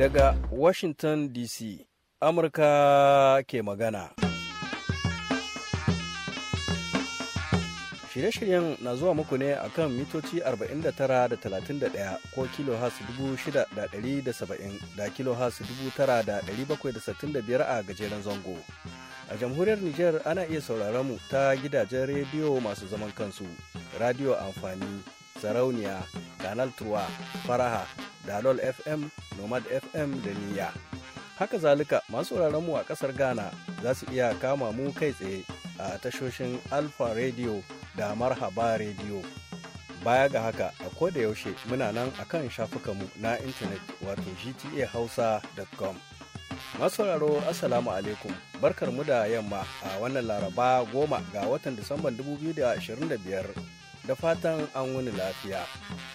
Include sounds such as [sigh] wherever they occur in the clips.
Daga Washington DC, Amurka ke magana. Shirye-shiryen na zuwa muku ne a kan mitoci 49.31 da ko kilohas 6,170 da kilohas 9,765 a gajeren zango. A jamhuriyar Nijar ana iya sauraron mu ta gidajen rediyo masu zaman kansu, radio amfani, sarauniya, kanal 3, faraha, dalol fm nomad fm da niyya haka zalika masu mu a kasar ghana za su iya kama mu kai tsaye a tashoshin alfa radio da marhaba radio baya ga haka a koda yaushe muna nan a kan shafukanmu na intanet wato gtahausa.com masauraro "Asalamu alaikum barkar mu da yamma a wannan laraba goma ga watan disamban 2025 da fatan an wani lafiya.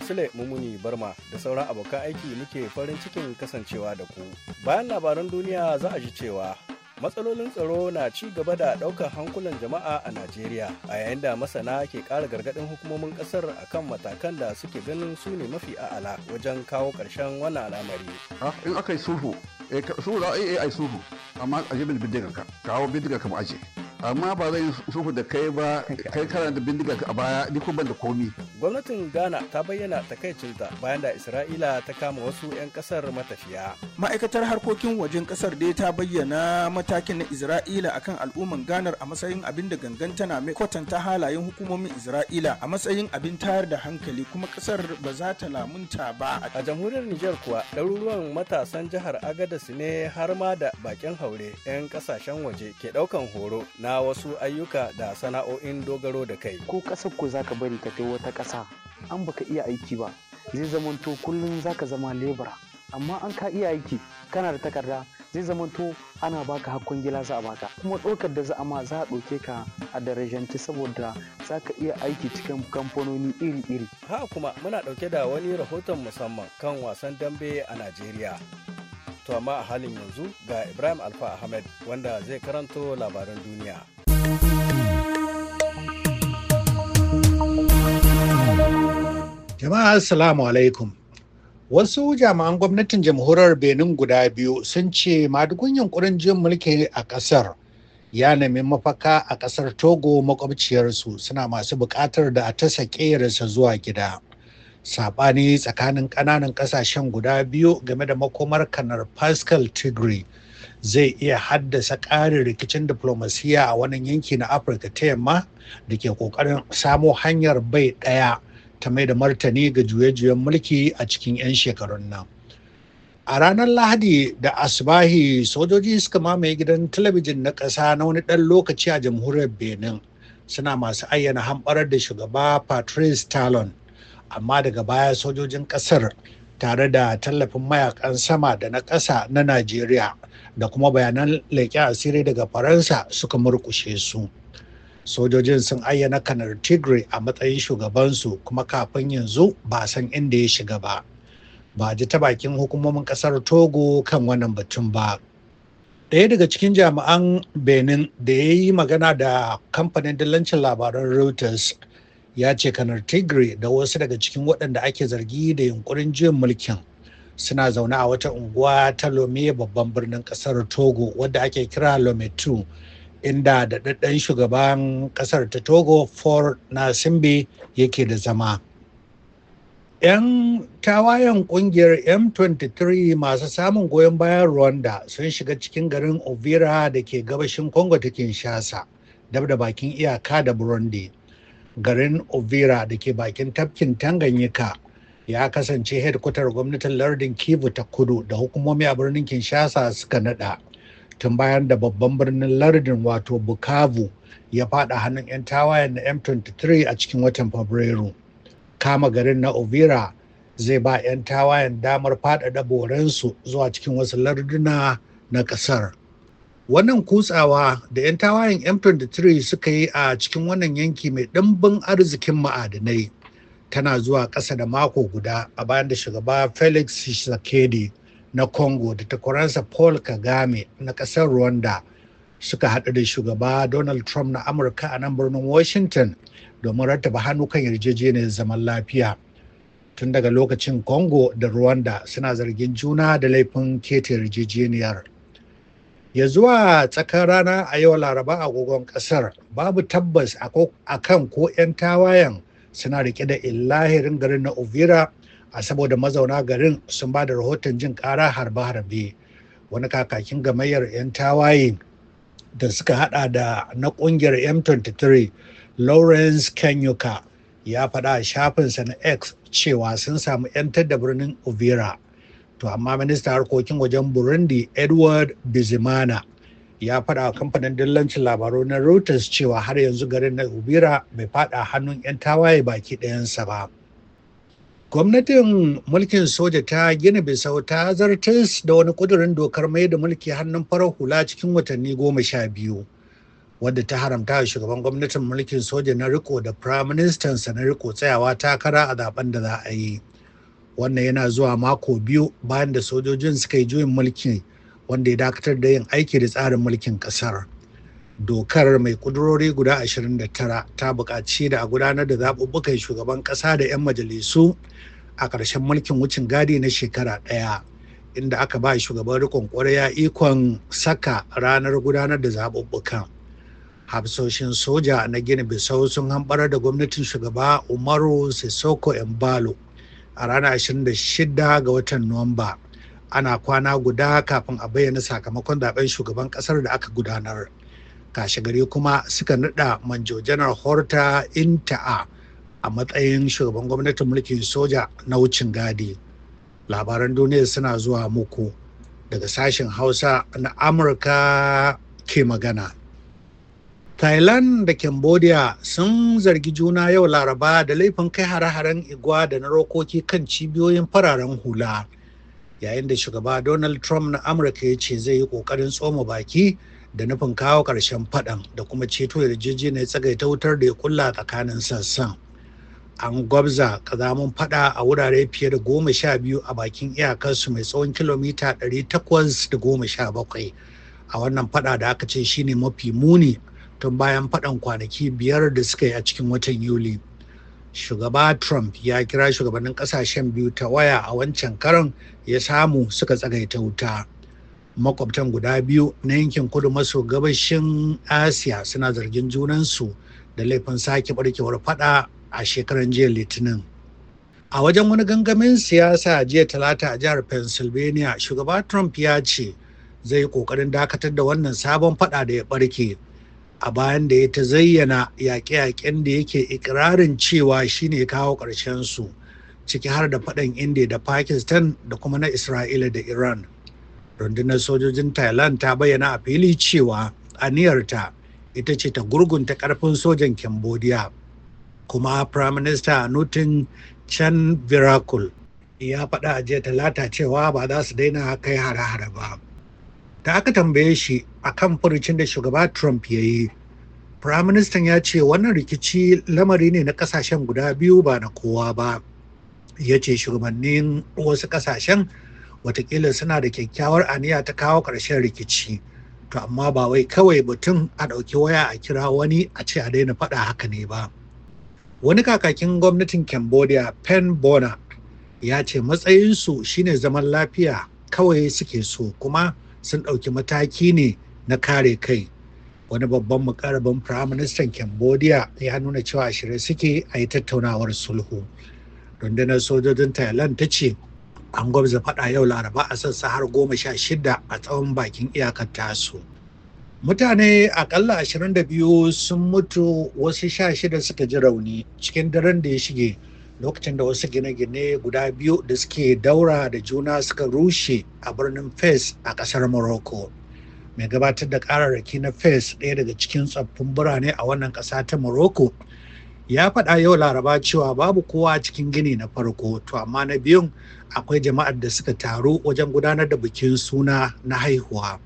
Sule Mumuni Barma da sauran abokan aiki muke farin cikin kasancewa da ku. Bayan labaran duniya za a ji cewa matsalolin tsaro na ci gaba da ɗaukar hankulan jama'a a Najeriya a yayin da masana ke ƙara gargaɗin hukumomin ƙasar akan matakan da suke ganin su ne mafi a'ala wajen kawo ƙarshen wannan al'amari. Ah, in aka yi sulhu, eh, sufu za a yi eh, sufu, amma a je bindigar ka, kawo bindigar ka mu aje. amma ba zan sufu da kai ba kai kana bindiga a baya ni kuma ban da komi gwamnatin ghana ta bayyana takaicinta bayan da isra'ila ta kama wasu 'yan kasar matafiya ma'aikatar harkokin wajen kasar dai ta bayyana matakin na isra'ila akan al'umman ghana a matsayin abin da gangan tana mai kwatanta halayen hukumomin isra'ila a matsayin abin tayar da hankali kuma kasar ba za ta lamunta ba a jamhuriyar niger kuwa ɗaruruwan matasan jihar agadas ne har ma da bakin haure 'yan kasashen waje ke ɗaukan horo na wasu ayyuka da sana'o'in dogaro da kai. Ko ƙasar za ka bari ta kai wata ƙasa an baka iya aiki ba zai zamanto kullum za ka zama lebura amma an ka iya aiki kana da takarda zai zamanto ana baka hakkun gila za a baka kuma ɗaukar da za a ma za a ɗauke ka a darajanci saboda za ka iya aiki cikin kamfanoni iri-iri. Ha kuma muna ɗauke da wani rahoton musamman kan wasan dambe a Najeriya. To amma a halin yanzu ga Ibrahim Alfa Ahmed wanda zai karanto labaran duniya. Jama'a Assalamu alaikum. Wasu jami'an gwamnatin jamhuriyar Benin guda biyu sun ce madugun yunkurin jin mulki a ƙasar ya nemi mafaka a ƙasar Togo makwabciyarsu suna masu buƙatar da a ta sake zuwa gida. saɓani tsakanin ƙananan ƙasashen guda biyu game da makomar kanar pascal tigray zai iya haddasa ƙarin rikicin diplomasiya a wani yanki na afirka ta yamma da ke ƙoƙarin samo hanyar bai ɗaya ta mai da martani ga juye-juyen mulki a cikin 'yan shekarun nan a ranar lahadi da asbahi sojoji suka mamaye gidan talabijin na ƙasa na wani ɗan lokaci a jamhuriyar benin suna masu ayyana hamɓarar da shugaba patrice talon amma daga baya sojojin ƙasar tare da tallafin mayakan sama da na ƙasa na Najeriya da kuma bayanan leƙen asiri daga Faransa suka murkushe su. Sojojin sun ayyana kanar Tigray a matsayin shugabansu kuma kafin yanzu ba san inda ya shiga ba. Ba ji ta bakin hukumomin ƙasar Togo kan wannan batun ba. Ɗaya daga cikin jami'an Benin da ya yi magana da kamfanin dillancin labaran Reuters ya ce kanar tigray da wasu daga cikin waɗanda ake zargi da yunkurin juyin mulkin suna zaune a wata unguwa ta lome babban birnin ƙasar togo wadda ake kira lome 2 inda daɗaɗɗen shugaban ƙasar ta togo for simbe yake da zama 'yan tawayen ƙungiyar m23 masu samun goyon bayan rwanda sun shiga cikin garin ovira da ke gabashin congo ta kinshasa dab da bakin iyaka da burundi garin ovira da ke bakin tafkin tanganyika ya kasance hedkwatar gwamnatin lardin kivu ta kudu da hukumomi a birnin kinshasa suka nada tun bayan da babban birnin lardin wato bukavu ya fada hannun 'yan tawayen na m23 a cikin watan fabrairu kama garin na ovira zai ba 'yan tawayen damar faɗaɗa borensu zuwa cikin wasu larduna na ƙasar. wannan kutsawa da 'yan tawayen m23 suka yi a cikin wannan yanki mai ɗimbin arzikin ma'adanai tana zuwa ƙasa da mako guda a bayan da shugaba felix shisakedi na congo da takwaransa paul kagame na ƙasar rwanda suka haɗu da shugaba donald trump na amurka a nan birnin washington domin rattaba hannu kan yarjejeniyar zaman lafiya tun daga lokacin congo da rwanda suna zargin juna da laifin keta yarjejeniyar ya zuwa tsakar rana a yau laraba agogon kasar babu tabbas a kan ko 'yan tawayen suna rike da illahirin garin na ovira a saboda mazauna garin sun ba da rahoton jin kara harbe-harbe wani kakakin gamayyar 'yan tawaye da suka hada da na kungiyar m23 lawrence kenyuka ya faɗa a shafinsa na x cewa sun samu 'yantar da birnin ovira to amma ministan harkokin wajen burundi edward bizimana ya faɗa wa kamfanin dillancin labaru na reuters cewa har yanzu garin na ubira bai faɗa hannun 'yan tawaye baki ɗayansa ba gwamnatin mulkin soja ta gina bisau ta zartas da wani ƙudurin dokar mai da mulki hannun farar hula cikin watanni goma sha biyu wadda ta haramta shugaban gwamnatin mulkin soja na riko da firaministansa na riko tsayawa takara a zaben da za a yi wannan yana zuwa mako biyu bayan da sojojin suka yi juyin mulki wanda ya dakatar da yin aiki da tsarin mulkin kasar dokar mai kudurori guda 29 ta buƙaci da a gudanar da zaɓuɓɓukan shugaban ƙasa da 'yan majalisu a ƙarshen mulkin wucin gadi na shekara ɗaya inda aka ba shugaban rikon ƙwarya ikon saka ranar gudanar da zaɓuɓɓukan hafsoshin soja na gini bisau sun hambarar da gwamnatin shugaba umaru sissoko embalo a ranar 26 ga watan nuwamba ana kwana guda kafin a bayyana sakamakon zaben shugaban kasar da aka gudanar kashe gari kuma suka nada manjo janar horta inta'a a matsayin shugaban gwamnatin mulkin soja na wucin gadi labaran duniya suna zuwa muku daga sashen hausa na amurka ke magana thailand da cambodia sun zargi juna yau laraba da laifin kai hare-haren igwa da na rokoki kan cibiyoyin fararen hula yayin da shugaba donald trump na amurka ya ce zai yi kokarin tsoma baki da nufin kawo ƙarshen faɗan da kuma ceto yarjejeniyar tsagaita wutar da ya kulla tsakanin sassan an gwabza kazamun faɗa a wurare fiye da goma sha biyu a bakin iyakarsu mai tsawon kilomita da goma bakwai a wannan faɗa da aka ce shine mafi muni tun bayan faɗan kwanaki biyar da suka yi a cikin watan yuli shugaba trump ya kira shugabannin ƙasashen biyu ta waya a wancan karan ya samu suka tsagaita wuta makwabtan guda biyu na yankin kudu maso gabashin asiya suna zargin junansu da laifin sake barkewar fada a shekaran jiya litinin a wajen wani gangamin siyasa jiya talata a jihar pennsylvania shugaba trump ya ce zai kokarin dakatar da wannan sabon fada da ya barke. a bayan da ya ta zayyana yaƙe-yaƙen da yake ikirarin cewa shi ne kawo ƙarshen su ciki har da faɗan indiya da pakistan da kuma na isra'ila da iran rundunar sojojin thailand ta bayyana a fili cewa aniyarta ita ce ta gurgunta ƙarfin sojan cambodia kuma prime minister nutin chan virakul ya faɗa a jiya talata cewa ba za su daina kai hare-hare ba da aka tambaye shi a kan furucin da shugaba trump ya yi firaministan ya ce wannan rikici lamari ne na kasashen guda biyu ba na kowa ba ya ce shugabannin wasu kasashen watakila suna da kyakkyawar aniya ta kawo ƙarshen rikici to amma ba wai kawai mutum a ɗauki waya a kira wani a ce a daina faɗa haka ne ba wani kakakin gwamnatin cambodia pen bona ya ce matsayinsu shine zaman lafiya kawai suke so kuma sun ɗauki mataki ne na kare kai wani babban mukarabin firaministan cambodia ya nuna cewa shirye suke a yi tattaunawar sulhu rundunar sojojin thailand ta ce an gwamza faɗa yau laraba a sassa har goma sha shida a tsawon bakin iyakar tasu mutane akalla biyu sun mutu wasu sha shida suka ji rauni cikin daren da ya shige lokacin da wasu gine-gine guda biyu da suke daura da juna suka rushe a birnin fes a kasar morocco mai gabatar da kararraki na fes ɗaya daga cikin tsoffin birane a wannan ƙasa ta morocco ya faɗa yau laraba cewa babu kowa cikin gini na farko to amma na biyun akwai jama'ar da suka taru wajen gudanar da bikin suna na haihuwa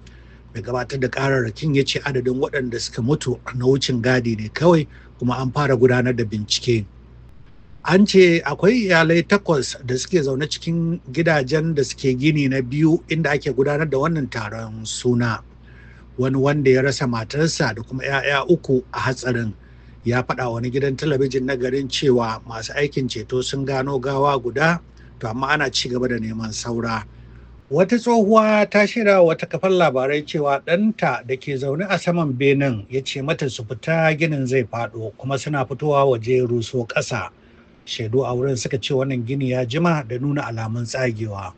mai gabatar da kararrakin ya ce adadin waɗanda suka mutu na wucin gadi ne kawai kuma an fara gudanar da bincike. an ce akwai iyalai takwas da suke zaune cikin gidajen da suke gini na biyu inda ake gudanar da wannan taron suna wani wanda ya rasa matarsa da kuma 'ya'ya uku a hatsarin ya faɗa wani gidan talabijin na garin cewa masu aikin ceto sun gano gawa guda to amma ana ci gaba da neman saura wata tsohuwa ta shirya wata kafar labarai cewa ɗanta da ke zaune a saman benin ya ce mata su fita ginin zai faɗo kuma suna fitowa waje ruso ƙasa shaidu a wurin suka ce wannan gini ya jima da nuna alamun tsagewa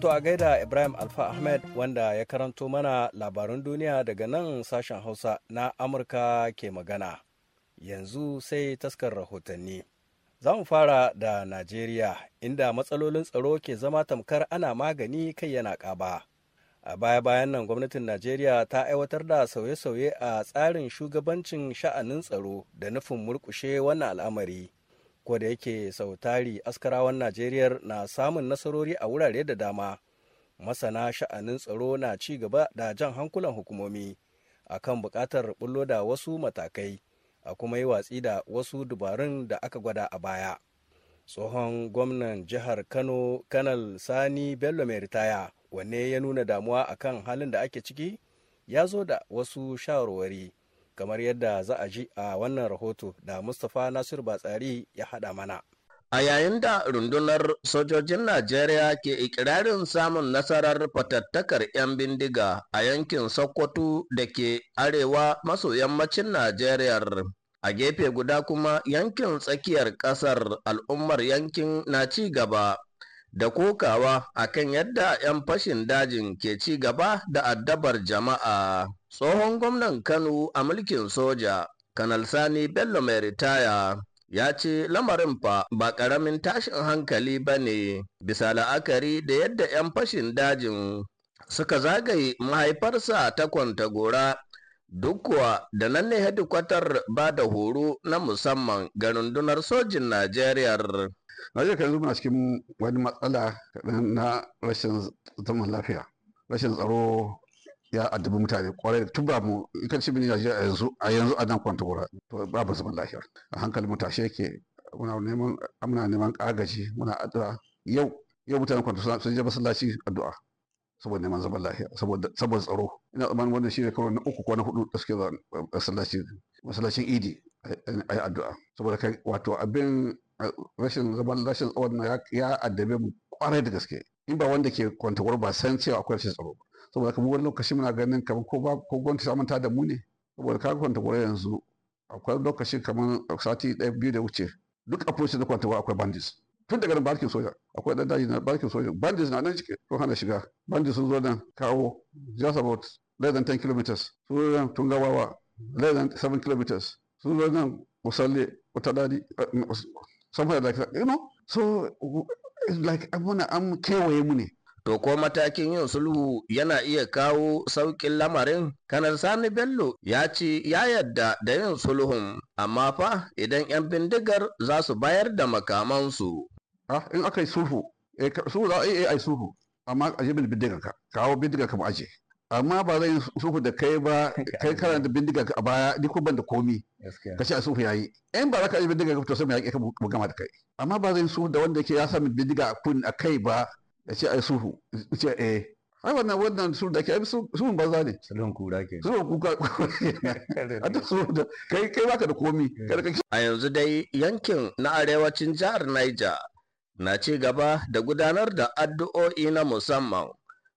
to a gaida ibrahim alfa ahmed wanda ya karanto mana labarun duniya daga nan sashen hausa na amurka ke magana yanzu sai taskar rahotanni za mu fara da najeriya inda matsalolin tsaro ke zama tamkar ana magani kai yana ƙaba. a baya-bayan nan gwamnatin najeriya ta aiwatar da sauye-sauye a tsarin shugabancin sha'anin tsaro da nufin murkushe wannan al'amari ko da yake sau tari askarawan najeriya na samun nasarori a wurare da dama masana sha'anin tsaro na ci gaba da jan hankulan hukumomi a kan buƙatar bullo da wasu matakai a kuma yi watsi da wasu dubarun da aka gwada a baya tsohon gwamnan jihar kano kanal sani bello mai ritaya wanne ya nuna damuwa akan halin da ake ciki ya zo da wasu shawarwari kamar yadda za a ji a wannan rahoto da mustapha nasir batsari ya haɗa mana A yayin da rundunar sojojin Najeriya ke ikirarin samun nasarar fatattakar 'yan bindiga a yankin Sokoto da ke arewa maso yammacin Najeriya. A gefe guda kuma yankin tsakiyar ƙasar al'ummar yankin na ci gaba da kokawa a kan yadda 'yan fashin dajin ke ci gaba da addabar jama'a. Tsohon gwamnan Kano a mulkin soja, Kanal Sani Bello mai ritaya, ya ce lamarin fa ba ƙaramin tashin hankali ba ne bisa la'akari da yadda 'yan fashin dajin suka zagaye mahaifarsa ta kwanta gora. kuwa da nan ne hedikwatar ba da horo na musamman ga rundunar sojin Najeriya. Na ka yanzu muna cikin wani matsala na rashin zaman lafiya rashin tsaro ya addabi mutane kwarai tun ba mu ita ci bin a yanzu a yanzu a nan kwanta gura to babu zaman lafiya a hankali mutashe ke muna neman amna neman agaji muna addu'a yau yau mutane kwanta sun je masallaci addu'a saboda neman zaman lafiya saboda tsaro ina tsammanin wannan ne kawai na uku ko na hudu da suke eh, masallacin masallacin idi a yi addu'a saboda kai wato abin rashin zaman rashin tsawon ya addabe mu kwarai da gaske in ba wanda ke kwantawar ba san cewa akwai rashin tsaro ba saboda kamar wani lokaci muna ganin kamar ko ba ko gwamnati ta manta da mu ne saboda ka kwantagwar yanzu akwai lokaci kamar sati ɗaya biyu da wuce duk approach na kwantagwar akwai bandits tun daga nan barkin soja akwai ɗan daji na barkin soja bandits na nan cikin sun hana shiga bandits sun zo nan kawo just about less than 10 kilometers sun zo nan gabawa less than 7 kilometers sun zo nan musalle wata dadi eh, saboda like that you know so like abuna an kewaye mu ne To ko matakin yin sulhu yana iya kawo sauƙin lamarin? Kanar Sani Bello ya ce ya yarda da yin sulhun, amma fa idan 'yan bindigar za su bayar da makamansu. Ah, in aka yi sulhu, eh, sulhu za eh, eh, a yi sulhu, amma a yi bindigar ka, kawo bindigar ka mu aje. amma ba zan sufu da kai ba kai karanta bindiga a baya ni ko ban da komi ka ce a sufu yayi in ba za ka yi bindiga to sai mai yaƙi ka buga gama da kai amma ba zan sufu da wanda yake ya sami bindiga a kun a kai ba ya ce a yi sufu ce eh ai wannan wannan su da ke su banza ne Salon kura ke sulhun kuka [laughs] a ta su da kai kai baka da komi a yanzu dai yankin na arewacin jihar Niger na ci gaba da gudanar da addu'o'i na musamman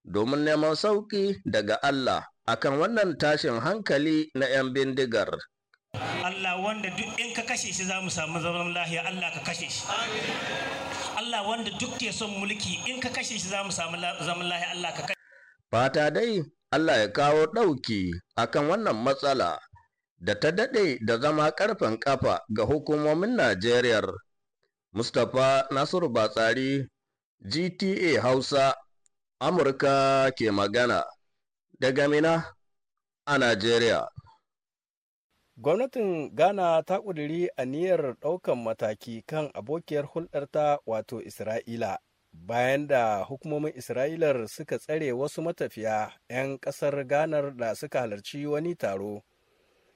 domin neman sauki daga Allah akan wannan tashin hankali na 'yan bindigar. Allah wanda duk in ka kashe shi za mu samu zaman lahiya Allah ka kashe shi. Allah wanda duk ke son mulki in ka kashe shi za mu samu zaman lahiya Allah ka kashe Fata dai Allah ya kawo ɗauki akan wannan matsala da ta daɗe da zama ƙarfen ƙafa ga hukumomin Najeriya. Mustapha Nasiru Batsari, GTA Hausa Amurka ke magana daga Mina a Najeriya. Gwamnatin Ghana ta ƙuduri niyyar ɗaukan mataki kan abokiyar hulɗarta wato Isra'ila bayan da hukumomin Isra'ilar suka tsare wasu matafiya 'yan ƙasar Ghana da suka halarci wani taro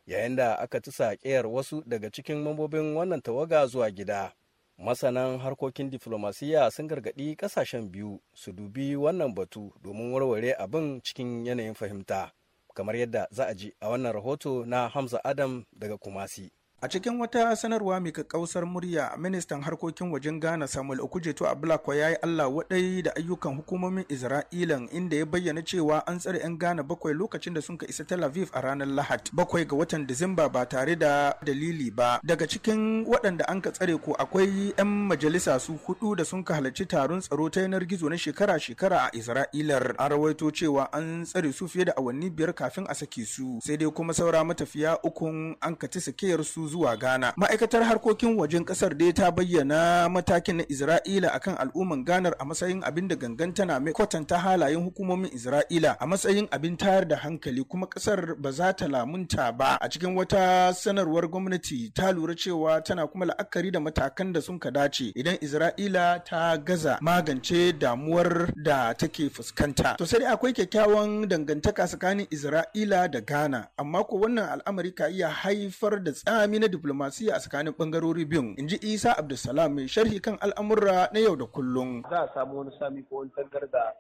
yayin da aka ci saƙiyar wasu daga cikin mambobin wannan tawaga zuwa gida. masanan harkokin diflomasiyya sun gargaɗi ƙasashen biyu su dubi wannan batu domin warware abin cikin yanayin fahimta kamar yadda za a ji a wannan rahoto na hamza adam daga kumasi A cikin wata sanarwa mai kakkausar murya, ministan harkokin wajen Ghana Samuel Okujeto Ablakwa ya yi Allah waɗai da ayyukan hukumomin Isra'ilan inda ya bayyana cewa an tsare 'yan Ghana bakwai lokacin da sun ka isa Tel Aviv a ranar Lahad bakwai ga watan Disamba ba tare da dalili ba. Daga cikin waɗanda an ka tsare ko akwai 'yan majalisa su hudu da sun ka halarci taron tsaro ta yanar gizo na shekara-shekara a Isra'ilar. An rawaito cewa an tsare su fiye da awanni biyar kafin a sake su, sai dai kuma saura matafiya ukun an ka ti su zuwa Ghana. Ma'aikatar harkokin wajen kasar dai ta bayyana matakin na Isra'ila akan al'umman Ghana a matsayin abin da gangan tana mai kwatanta halayen hukumomin Isra'ila a matsayin abin tayar da hankali kuma kasar ba za ta lamunta ba. A cikin wata sanarwar gwamnati ta lura cewa tana kuma la'akari da matakan da sun ka dace idan Isra'ila ta gaza magance damuwar da take fuskanta. To sai akwai kyakkyawan dangantaka tsakanin Isra'ila da Ghana amma ko wannan al'amari ka iya haifar da tsami na diplomasiya a tsakanin bangarori biyun in ji isa abdulsalam mai sharhi kan al'amurra na yau da kullum za a samu wani sami ko wani tangarda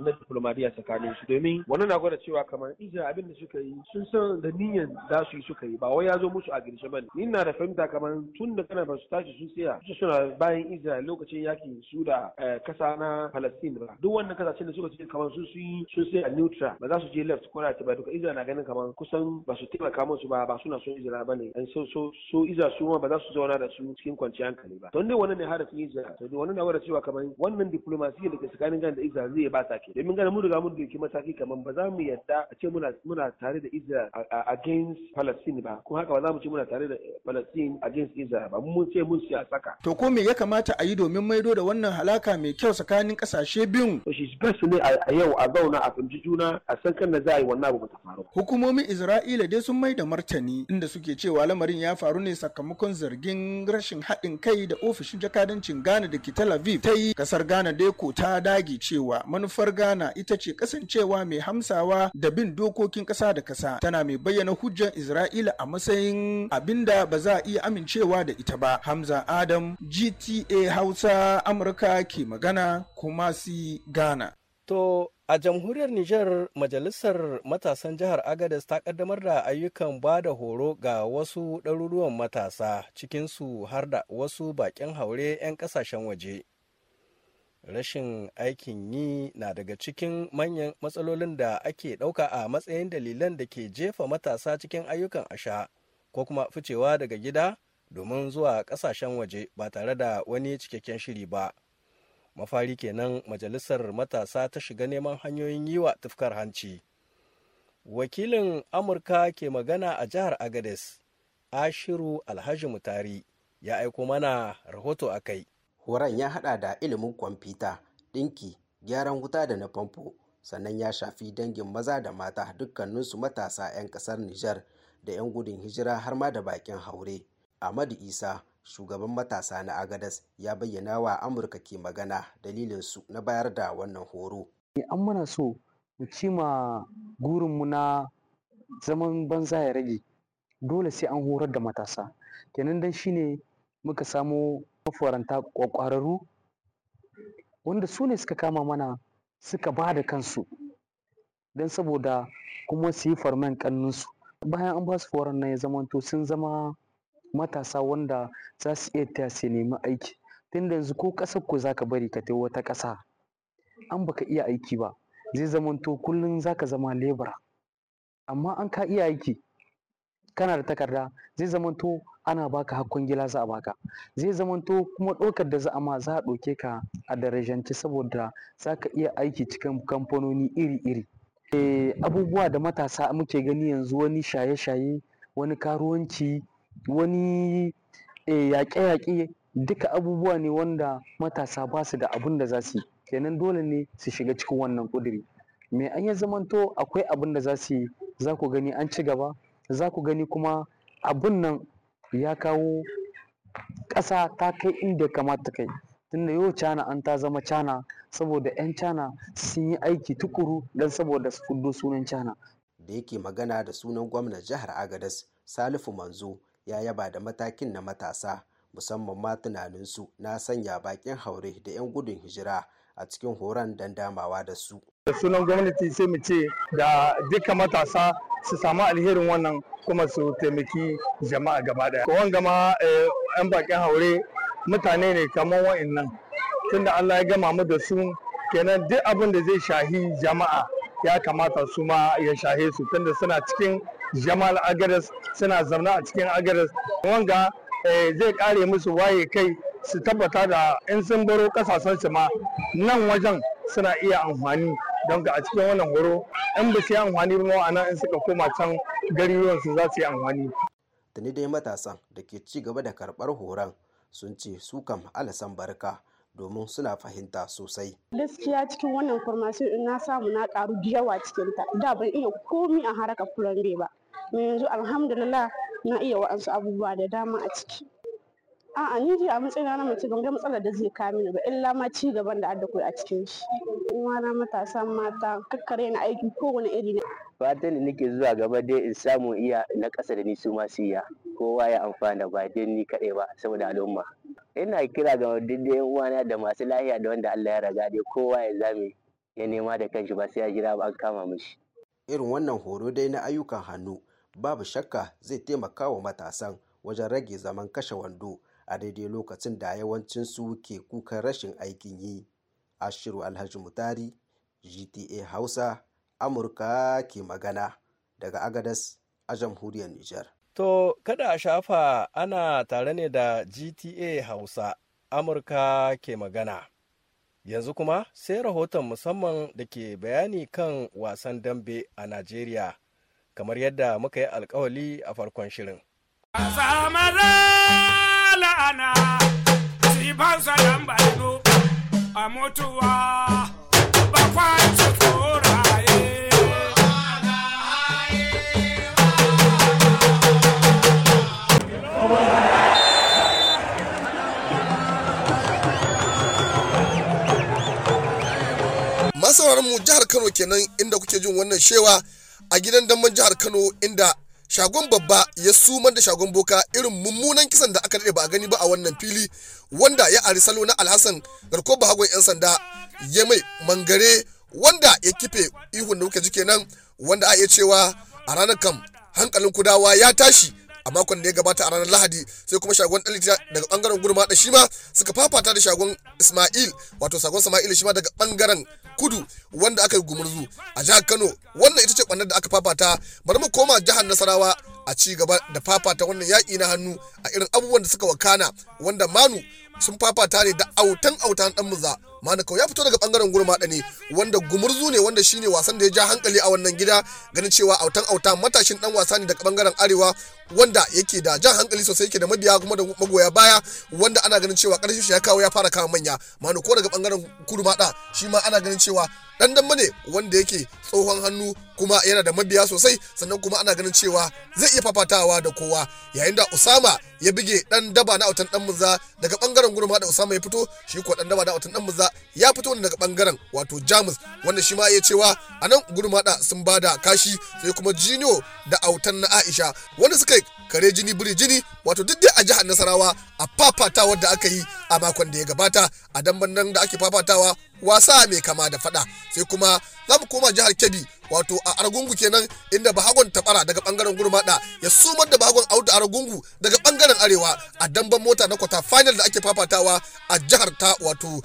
na diplomariya tsakanin su domin wani na gwada cewa kamar Israel abin da suka yi sun san da niyan za su yi suka yi ba wai ya zo musu a girshe ne ni na da fahimta kamar tun da kana ba su tashi sun tsaya su suna bayan Israel lokacin yakin su da eh, kasa na Palestine ba duk wannan kasashen da suka ce kamar sun su yi sun tsaya neutral ba za su je left ko right ba duka Israel na ganin kamar kusan ba su taimaka musu ba ba suna son Israel ne an so so so Israel su ma ba za su zauna da su cikin kwanciyar hankali ba to ne wannan ne harafin Israel to ne wannan na gwada cewa kamar wannan diplomasiyyar da ke tsakanin Ghana da Israel zai ba ta ke mun gane mun riga mun dauki mataki kamar ba za mu yadda a ce muna muna tare da Israel against Palestine ba ko haka ba za mu ce muna tare da Palestine against Israel ba mun ce mun siya saka to ko me ya kamata a yi domin maido da wannan halaka mai kyau tsakanin kasashe biyun to shi best ne a yau a zauna a fahimci juna a san kan da za a yi wannan abu ba ta faru hukumomin Isra'ila dai sun mai da martani inda suke cewa lamarin ya faru ne sakamakon zargin rashin haɗin kai da ofishin jakadancin Ghana da ke Tel Aviv ta yi kasar Ghana dai ko ta dage cewa manufar Ghana ita ce kasancewa mai hamsawa da bin dokokin ƙasa da ƙasa tana mai bayyana hujjar Isra'ila a matsayin abinda ba za a iya amincewa da ita ba. Hamza Adam GTA Hausa Amurka ke magana kuma si Ghana. To a jamhuriyar Nijar majalisar matasan jihar Agadez ta kaddamar da ayyukan ba da horo ga wasu ɗaruruwan matasa cikinsu har da wasu baƙin haure 'yan ƙasashen waje. rashin aikin yi na daga cikin manyan matsalolin da ake ɗauka a matsayin dalilan da ke jefa matasa cikin ayyukan asha ko kuma ficewa daga gida domin zuwa ƙasashen waje ba tare da wani cikakken shiri ba mafari kenan majalisar matasa ta shiga neman hanyoyin yi wa tufkar hanci wakilin amurka ke magana a jihar agades ashiru alhaji mutari ya aiko mana rahoto a kai horon ya hada da ilimin kwamfuta ɗinki gyaran wuta da na famfo sannan ya shafi dangin maza da mata dukkaninsu matasa 'yan kasar nijar da 'yan gudun hijira har ma da bakin haure ahmadu isa shugaban matasa na agadas ya bayyana wa amurka ke magana dalilinsu na bayar da wannan horo eh, an muna so mu ci ma gurinmu na zaman banza ya rage dole sai an horar da matasa kenan dan shine muka samo mafaranta ƙwararru wanda su ne suka kama mana suka ba da kansu don saboda kuma su yi farman kannunsu bayan an ba su horon nan ya zamanto sun zama matasa wanda za su iya taya su nemi aiki tun da yanzu ko ƙasar ku zaka bari ka tai wata ƙasa an baka iya aiki ba zai to kullum zaka zama lebura amma an ka iya aiki kana da takarda zai zamanto ana baka hakkun gila za a baka zai zamanto kuma ɗaukar da za a ma za a ɗauke ka a darajance saboda za ka iya aiki cikin kamfanoni iri-iri eh, abubuwa da matasa muke gani yanzu wani shaye-shaye wani karuwanci wani eh, yaƙe-yaƙe duka abubuwa ne wanda matasa ba su da abin da za su yi kenan dole ne su shiga cikin wannan ƙuduri me an ya zamanto akwai abin da za su yi za ku gani an ci gaba za ku gani kuma abun nan ya kawo ƙasa ta kai inda kamata kai tunda yau cana an ta zama cana saboda 'yan cana sun yi aiki tukuru don saboda su sunan cana da yake magana da sunan gwamnan jihar agadas salifu manzo ya yaba da matakin na matasa musamman ma tunaninsu na sanya baƙin haure da 'yan gudun hijira a cikin horon dandamawa da su da sunan gwamnati sai mu ce da duka matasa su samu alherin wannan kuma su taimaki jama'a gaba daya kowan gama eh, yan bakin haure mutane ne kamar wa'annan tunda Allah ya gama mu da su kenan duk abin da zai shahi jama'a ya kamata su ma ya shahe su tunda suna cikin jamal agares suna zaune a cikin agares wanga eh, zai kare musu waye kai su tabbata da in sun baro kasashen ma nan wajen suna iya amfani don ga a cikin wannan horo in ba su yi amfani ba ma'ana in suka koma can su za su yi amfani. tuni dai matasan da ke ci gaba da karɓar horon sun ce su kam alasan barka domin suna fahimta sosai. Gaskiya cikin wannan formation din na samu na karu da yawa cikin ta. Da ban iya komi a haraka furan ba. Me yanzu alhamdulillah na iya wa'ansu abubuwa da dama a ciki. A'a ni dai a matsayina na mace ban ga matsalar da zai kawo mini ba illa ma ci gaban da adda a cikin shi. Uwana matasa mata kakkare na aiki kowane iri ne. Fatan da nake zuwa gaba dai in samu iya na ƙasa da ni su ma siya kowa ya amfana ba dai ni kaɗai ba saboda al'umma. Ina kira ga dindin uwana da masu lahiya da wanda Allah ya raga dai kowa ya zame ya nema da kanshi ba sai ya jira ba an kama mishi. Irin wannan horo dai na ayyukan hannu babu shakka zai taimaka wa matasan wajen rage zaman kashe wando a daidai lokacin da yawancinsu ke kukan rashin aikin yi a ashiru alhaji mutari gta hausa amurka ke magana daga agadas a jamhuriyar nijar to kada a shafa ana tare ne da gta hausa amurka ke magana yanzu kuma sai rahoton musamman da ke bayani kan wasan dambe a najeriya kamar yadda muka yi alkawali a farkon shirin ana tibansa dan a mutuwa ba kwanci jihar kano kenan inda kuke jin wannan shewa a gidan damban jihar kano inda shagon babba ya sumar da shagon boka irin mummunan kisan da aka daɗe ba a gani ba a wannan fili wanda ya ari salo na alhassan garko hagon 'yan sanda ya mai mangare wanda ya kife ihun da kuka ji kenan wanda a iya cewa a ranar kam hankalin kudawa ya tashi a makon da ya gabata a ranar lahadi sai kuma shagon dalita daga bangaren gurma da shima suka fafata da shagon ismail wato shagon ismail shima daga bangaren kudu wanda aka yi gumurzu a jihar kano wannan ita ce ɓannar da aka fafata bari mu koma jihar nasarawa a ci gaba da fafata wannan yaƙi na hannu a irin abubuwan da suka wakana wanda manu sun fafata ne da autan autan dan muza Manukau ya fito daga bangaren gurmaɗa ne wanda gumurzu ne wanda shine wasan da ya ja hankali a wannan gida ganin cewa autan auta matashin dan wasa ne daga bangaren arewa wanda yake da jan hankali sosai yake da mabiya kuma da magoya baya wanda ana ganin cewa karshen shi ya kawo ya fara kawo manya Manukau daga bangaren kudu ɗa shi ma ana ganin cewa dan dan ne wanda yake tsohon hannu kuma yana da mabiya sosai sannan kuma ana ganin cewa zai iya fafatawa da kowa yayin da Usama ya bige dan daba na autan dan muza daga bangaren gurma da Usama ya fito shi ko dan daba na autan dan muza ya fito ne daga bangaren wato Jamus wanda shi ma ya cewa anan gurma da sun bada kashi sai kuma Jino da autan na Aisha wanda suka kare jini biri jini wato duk dai a jihar nasarawa a fafatawar da aka yi a makon da ya gabata a damban nan da ake fafatawa wasa mai kama da fada sai kuma za mu koma jihar kebbi wato a argungu kenan inda bahagon tabara daga bangaren gurmada ya sumar da bahagon audu argungu daga bangaren arewa a damban mota na kwata final da ake fafatawa a jihar ta wato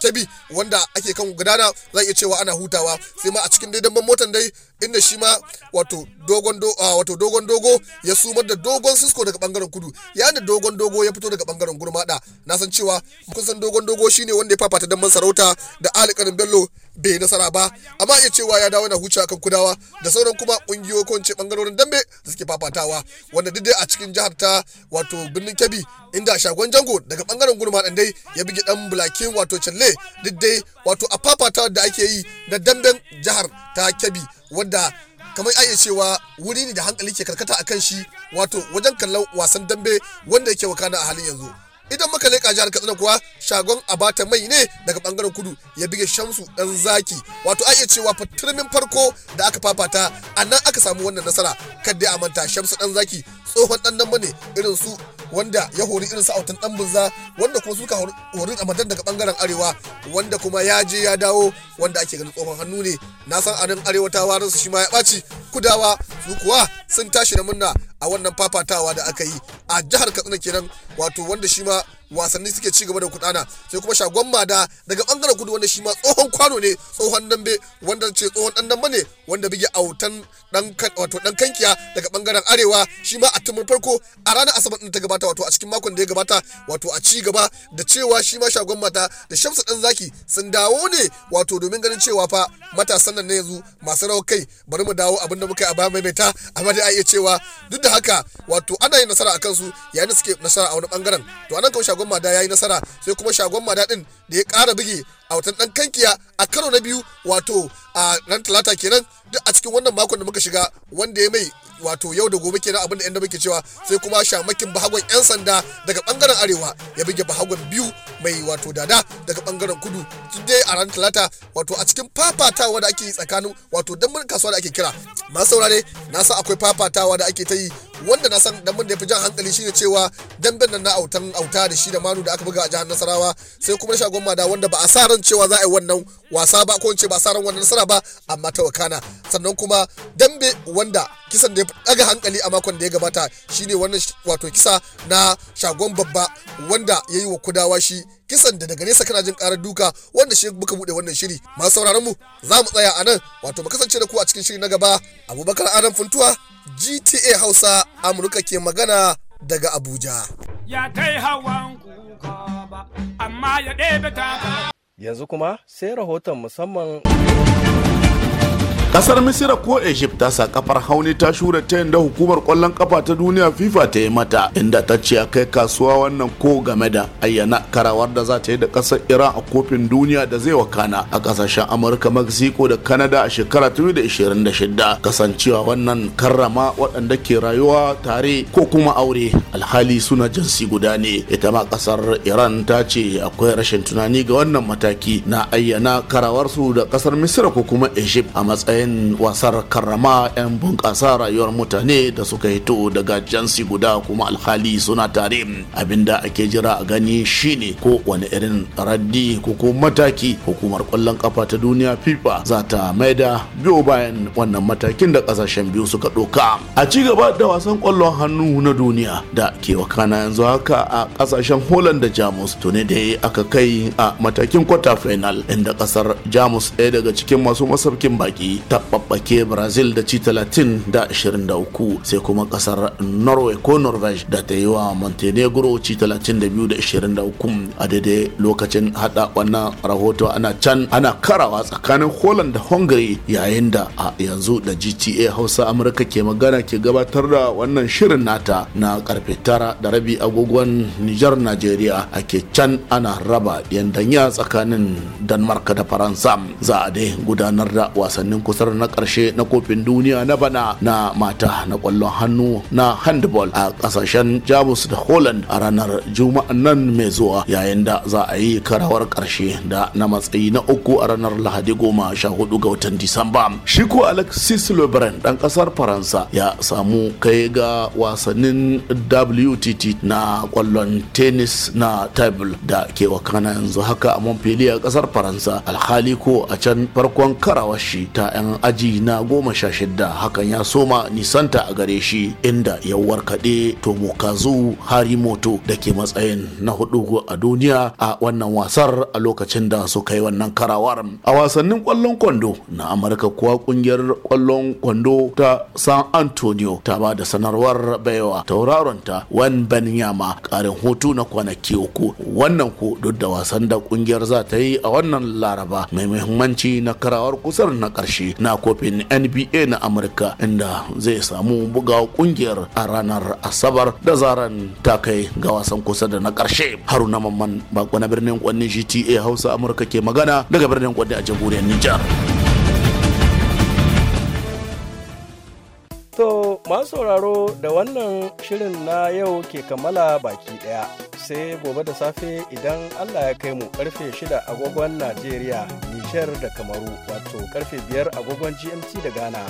kebbi wanda ake kan gudana zai iya cewa ana hutawa sai ma a cikin dai damban motan dai inda shi ma wato dogon do ah, wato dogon dogo ya sumar da dogon sisko daga bangaren kudu ya da dogon dogo ya fito daga bangaren da na san cewa kun san dogon dogo shine wanda ya fafata dan sarauta da alƙarin bello bai nasara ba amma iya cewa ya dawo yana huce akan kudawa da sauran kuma kungiyoyi ko bangarorin dambe da suke fafatawa wanda duk dai a cikin jihar ta wato birnin kebbi inda shagon jango daga bangaren gurma dan dai ya bugi dan bulakin wato challe duk dai wato a fafata da ake yi na damben jihar ta kebbi wadda kamar iya cewa wuri ne da hankali ke karkata akan shi wato wajen kallon wasan dambe wanda yake wakana a halin yanzu idan muka leƙa jihar katsina kuwa shagon abata mai ne daga bangaren kudu ya bige shamsu dan zaki wato iya cewa fitirmin farko da aka fafata a nan aka samu wannan nasara kadda a manta shamsu dan zaki tsohon dan dambe ne irin su wanda ya hori irin sa'autan autan dan bunza wanda kuma suka hori madan daga bangaren arewa wanda kuma ya je ya dawo wanda ake ganin tsohon hannu ne na san anan arewa ta warin su shi ma ya ɓaci kudawa su kuwa sun tashi da munna a wannan fafatawa da aka yi a jihar katsina kenan wato wanda shi ma wasanni suke ci gaba da kudana sai kuma shagon mada daga bangaren kudu wanda shi ma tsohon kwano ne tsohon dambe wanda ce tsohon dan dambe ne wanda bige autan dan wato dan kankiya daga bangaren arewa shi ma a tumur farko a ranar asabar din ta gabata wato a cikin makon da ya gabata wato a ci gaba da cewa shi ma shagon mata da shamsu dan zaki sun dawo ne wato domin ganin cewa fa matasan nan ne yanzu masu rawa kai bari mu dawo abin da muka yi a baya maimaita amma dai a iya cewa duk da haka wato ana yin nasara a kansu yayin da suke nasara a wani bangaren to anan kawai shagon shagon mada ya yi nasara sai kuma shagon mada din da ya kara buge a watan ɗan kankiya a karo na biyu wato a ran talata kenan duk a cikin wannan makon da muka shiga wanda ya mai wato yau da gobe kenan abin da yan muke cewa sai kuma shamakin bahagon yan sanda daga bangaren arewa ya bige bahagon biyu mai wato dada daga bangaren kudu dai a ran talata wato a cikin fafatawa da ake yi tsakanin wato damar kasuwa da ake kira masu saurare na san akwai fafatawa da ake ta yi wanda na san dan da ya jan hankali shine cewa damben nan na autan auta da shi da manu da aka buga a jihar nasarawa sai kuma shagon da wanda ba a sa ran cewa za a yi wannan wasa ba ko ce ba a sa ran wannan nasara ba amma ta wakana sannan kuma dambe wanda kisan da ya daga hankali a makon da ya gabata shine wannan wato kisa na shagon babba wanda ya yi wa kudawa shi kisan da daga nesa kana jin karar duka wanda shi muka bude wannan shiri masu sauraron mu za mu tsaya a nan wato mu kasance da ku a cikin shiri na gaba abubakar adam funtuwa gta hausa amurka ke magana daga abuja ya kai hawan kuka amma ya ɗebe ta yanzu kuma sai rahoton musamman kasar misira ko egypt ta sa kafar hauni ta shura ta yadda hukumar kwallon kafa ta duniya fifa ta yi mata inda ta ce a kai kasuwa wannan ko game da ayyana karawar da za ta yi da kasar iran a kofin duniya da zai wakana a kasashen amurka mexico da canada a shekara 2026 kasancewa wannan karrama waɗanda ke rayuwa tare ko kuma aure alhali suna jinsi guda ne ita ma kasar iran ta ce akwai rashin tunani ga wannan mataki na ayyana karawarsu da kasar misira ko kuma egypt a matsayin 'yan wasar karrama 'yan bunƙasa rayuwar mutane da suka hito daga jansi guda kuma alhali suna tare abinda ake jira a gani shine ko wani irin raddi ko ko mataki hukumar kwallon ƙafa ta duniya fifa za ta maida biyo bayan wannan matakin da ƙasashen biyu suka ɗauka a ci gaba da wasan kwallon hannu na duniya da ke wakana yanzu haka a ƙasashen holland da jamus tuni da aka kai a matakin kwata final inda ƙasar jamus ɗaya daga cikin masu masaukin baki ta brazil da ci 30 da 23 sai kuma kasar norway ko norvege da ta yi wa montenegro ci 32 da 23 a daidai lokacin hada wannan rahoto ana can ana karawa tsakanin holland da hungary yayin da a yanzu da gta hausa amurka ke magana ke gabatar da wannan shirin nata na karfe tara da rabi agogon nijar najeriya ake can ana raba yandanya tsakanin danmarka da faransa za a dai gudanar da wasannin kusa gasar na ƙarshe na kofin duniya na bana na mata na ƙwallon hannu na handball a ƙasashen Jamus da Holland a ranar Juma'an nan mai zuwa yayin da za a yi karawar ƙarshe da na matsayi na uku a ranar Lahadi goma sha hudu ga watan Disamba. Shi Alexis Lebrun dan ƙasar Faransa ya samu kai ga wasannin WTT na ƙwallon tennis na table da ke wakana yanzu haka a Montpellier ƙasar Faransa alhali ko a can farkon karawar shi ta 'yan aji na goma sha shidda hakan ya soma nisanta a gare shi inda ya warkaɗe tomokazu harimoto da ke matsayin na hudu a duniya a wannan wasar a lokacin da su kai wannan karawar a wasannin kwallon kwando na amurka kuwa kungiyar kwallon kwando ta san antonio ta ba da sanarwar baiwa tauraronta wan banyama karin hutu na kwanaki uku wannan ku duk da wasan da kungiyar za ta yi a wannan laraba mai muhimmanci na karawar kusar na karshe na kofin nba na amurka inda zai samu buga kungiyar a ranar asabar da zaran ta kai ga wasan kusa da na karshe haruna mamman bako na birnin kwanni gta hausa amurka ke magana daga birnin kwanni a jamhuriyar nijar Masu sauraro da wannan shirin na yau ke kammala baki ɗaya sai gobe da safe idan Allah ya kai mu karfe shida agogon Najeriya, Nijar da Kamaru wato karfe 5 agogon GMT da Ghana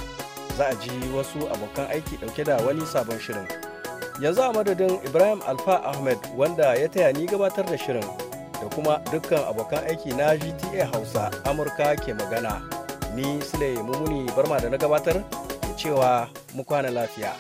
za a ji wasu abokan aiki ɗauke da wani sabon shirin. Yanzu a madadin Ibrahim Alfa Ahmed wanda ya taya ni gabatar da shirin da kuma dukkan abokan aiki na GTA Hausa Amurka ke magana. Ni Sule Mumuni Barma da na gabatar cewa mu kwana lafiya.